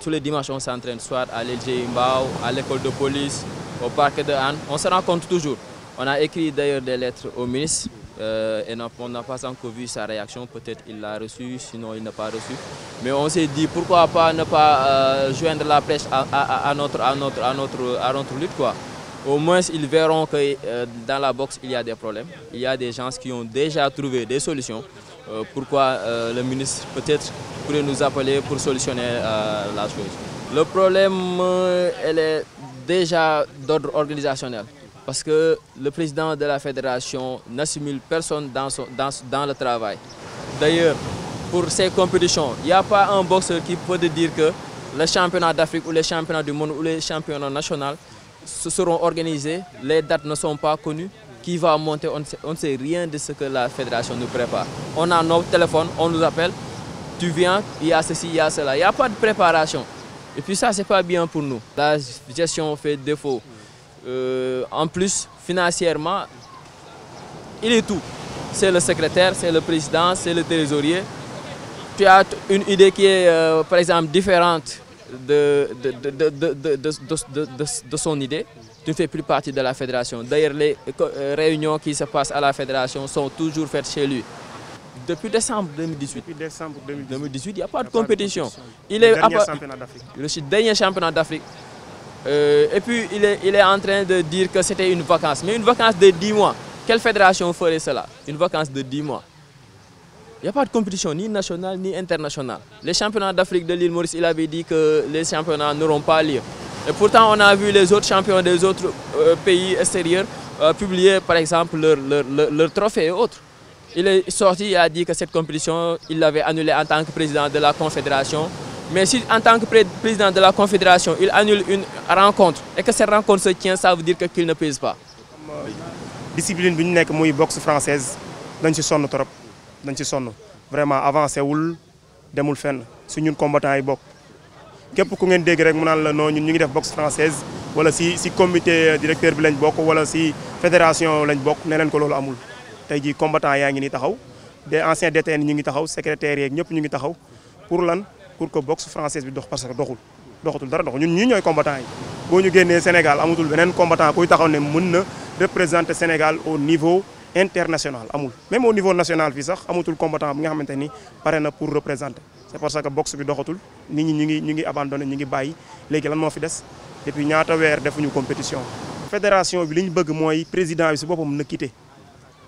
tous les dimanches, on s'entraîne, soit à l'LG Imbao, à l'école de police, au parc de Han. On se rencontre toujours. On a écrit d'ailleurs des lettres au ministre euh, et on n'a pas encore vu sa réaction. Peut-être il l'a reçu, sinon il n'a pas reçu. Mais on s'est dit pourquoi pas ne pas euh, joindre la presse à, notre, à, notre, à, notre, lutte. Quoi. Au moins, ils verront que euh, dans la boxe, il y a des problèmes. Il y a des gens qui ont déjà trouvé des solutions. Euh, pourquoi euh, le ministre peut-être pourrait nous appeler pour solutionner euh, la chose. Le problème, elle est déjà d'ordre organisationnel parce que le président de la fédération n'assimile personne dans, son, dans, dans, le travail. D'ailleurs, pour ces compétitions, il n'y a pas un boxeur qui peut dire que les championnats d'Afrique ou les championnats du monde ou les championnats nationaux se seront organisés, les dates ne sont pas connues, qui va monter, on ne, sait, rien de ce que la fédération nous prépare. On a nos téléphones, on nous appelle, tu viens, il y a ceci, il y a cela. Il n'y a pas de préparation. Et puis ça, c'est pas bien pour nous. La gestion fait défaut. Euh, en plus, financièrement, il est tout. C'est le secrétaire, c'est le président, c'est le trésorier. Tu as une idée qui est, euh, par exemple, différente de, de, de, de son idée ne fait plus partie de la fédération. D'ailleurs, les euh, réunions qui se passent à la fédération sont toujours faites chez lui. Depuis décembre 2018, Depuis décembre 2018, il n'y a pas, de, compétition. Il est Le dernier championnat d'Afrique. Euh, et puis, il est, il est en train de dire que c'était une vacance. Mais une vacance de 10 mois. Quelle fédération ferait cela Une vacance de 10 mois. Il n'y a pas de compétition, ni nationale, ni internationale. Les championnats d'Afrique de l'île Maurice, il avait dit que les championnats n'auront pas lieu. Et pourtant, on a vu les autres champions des autres euh, pays extérieurs euh, publier, par exemple, leur, leur, trophée et autres. Il est sorti et a dit que cette compétition, il l'avait annulée en tant que président de la Confédération. Mais si en tant que président de la Confédération, il annule une rencontre et que cette rencontre se tient, ça veut dire qu'il ne pèse pas. discipline boxe française dañ ci trop vraiment avant, wul demul fenn ñun combattant képp ku ngeen dégg rek mu naan la non ñun ñu ngi def boxe française wala si si comité directeur bi lañ bokk wala si fédération lañ bokk ne leen ko loolu amul tey jii combattant yaa ngi ni taxaw des anciens DTN ñu ngi taxaw secrétaires yeeg ñëpp ñu ngi taxaw pour lan pour que boxe française bi dox parce que doxul doxatul dara dox ñun ñii ñooy combattant yi boo ñu génnee Sénégal amatul beneen combattant kuy taxaw ne mën na représenter Sénégal au niveau international amul même au niveau national fi sax amatul combattant bi nga xamante ni pare na pour représenter c'est parce que boxe bi doxatul nit ñi ñi ngi ñu ngi abandonné ñi ngi bàyyi légui lan mo fi dess depuis ñaata wër defu ñu compétition. fédération bi li bëgg moy président bi si bopam na quitté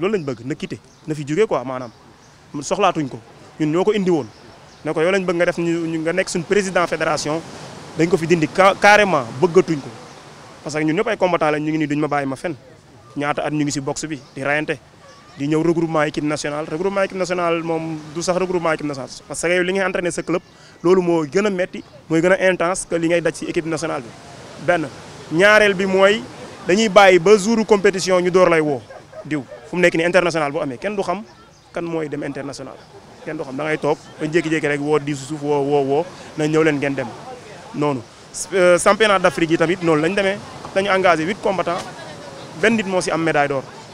loolu lañ bëgg na quitté na fi jógee quoi manam soxlaatuñ ko ñun ñoko indi won né ko yow lañ bëgg nga def ñu nga nekk suñ président fédération dañ ko fi dindi carrément bëggatuñ ko parce que ñun ñep ay combattant la ñu ngi nii duñ ma bàyyi ma fenn ñaata at ñu ngi ci boxe bi di rayanté di ñëw regroupement équipe nationale regroupement équipe nationale moom du sax regroupement équipe nationale parce que yow li ngay entraîner sa club loolu moo gën a metti mooy gën a intense que li ngay daj si équipe nationale bi benn ñaareel bi mooy dañuy bàyyi ba jouru compétition ñu door lay woo diw fu nekk ni international bu kenn du xam kan dem international kenn du xam da ngay toog ba jékki-jékki rek woo di suuf wo wo wo na ñëw leen ngeen dem noonu euh, championnat d'Afrique yi tamit noonu lañ demee dañu engagé huit combattants benn nit moo si am médaille d'or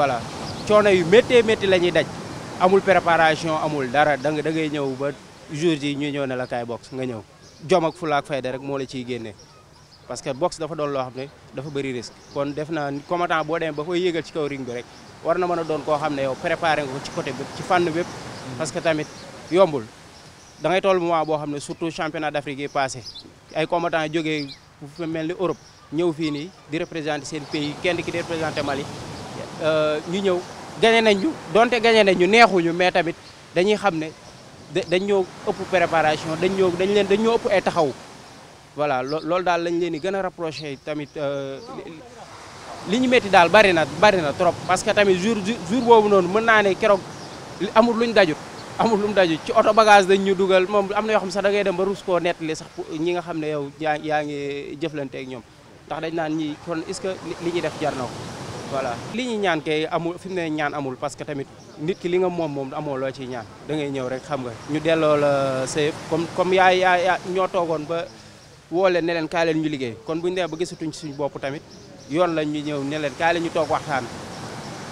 voilà coono yu méttee métti la ñuy daj amul préparation amul dara da nga da ngay ñëw ba jour ji ñu ñëw ne la kaay box nga ñëw jom ak fulaak fayda rek moo la ciy génnee parce que box dafa doon loo xam ne dafa bëri risque kon def naa combattant boo demee ba koy yéegal ci kaw ring bi rek war na mën a doon koo xam ne yow préparé nga ko ci côté bépp ci fànn bépp mm-hmm. parce que tamit yombul da ngay toll moment boo xam ne surtout championnat d'Afrique yi passé ay combattant jógee fu mel ni Europe ñëw fii nii di représente seen pays ki di représenter Mali ñu ñëw gañe nañ ñu donte gañe nañ ñu neexuñu mais tamit dañuy xam ne dañ ñoo ëpp préparation dañ ñoo dañ leen dañ ëpp ay taxaw voilà loolu daal lañ leen di gën a rapproché tamit euh, li ñu metti daal bari na bari na trop parce que tamit jour boobu noonu mën naa ne keroog amul luñ dajut amul lu mu dajut ci oto bagage dañ ñu dugal moom am na yoo xam sax da ngay dem ba ruus koo nettali sax ñi nga xam ne yow yaa yaa ngi jëflante ak ñoom ndax dañ naan ñi kon est-ce que li ñuy def jar voilà li ñuy ñaan kay amul fi mu ne ñaan amul parce que tamit nit ki li nga moom moom amoo loo ciy ñaan da ngay ñëw rek xam nga ñu delloo la sa yëpp comme comme yaa yaa ñoo toogoon ba woo leen ne leen kaa leen ñu liggéey kon bu ñu demee ba gisatuñ suñu bopp tamit yoon la ñu ñëw ne leen kaa leen ñu toog waxtaan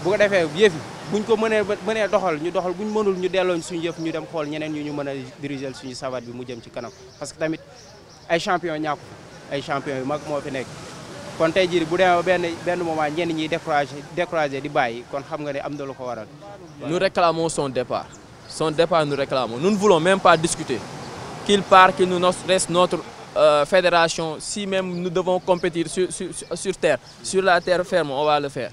bu ko defee yëfi buñ ko mënee mënee doxal ñu doxal buñ mënul ñu dellooñ suñu yëf ñu dem xool ñeneen ñu ñu mën a diriger suñu savate bi mu jëm ci kanam parce que tamit ay champion ñàkku ay champion yu mag moo fi nekk kon moment di kon xam nous réclamons son départ son départ nous réclamons nous ne voulons même pas discuter qu'il part qu'il nous reste notre euh, fédération si même nous devons compétir sur sur terre sur la terre ferme on va le faire.